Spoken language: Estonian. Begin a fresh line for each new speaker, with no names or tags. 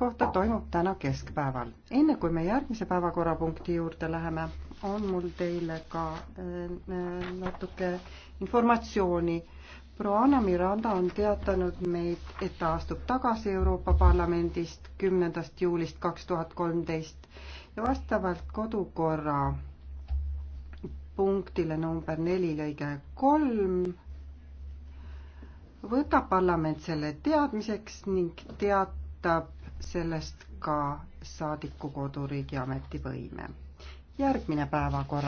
kohta toimub täna keskpäeval. enne kui me järgmise päevakorrapunkti juurde läheme, on mul teile ka äh, äh, natuke informatsiooni. proua Anna Miranda on teatanud meid, et ta astub tagasi Euroopa Parlamendist kümnendast juulist kaks tuhat kolmteist ja vastavalt kodukorra punktile number neli lõige kolm võtab parlament selle teadmiseks ning teatab sellest ka saadiku koduriigi ametivõime. järgmine
päevakorra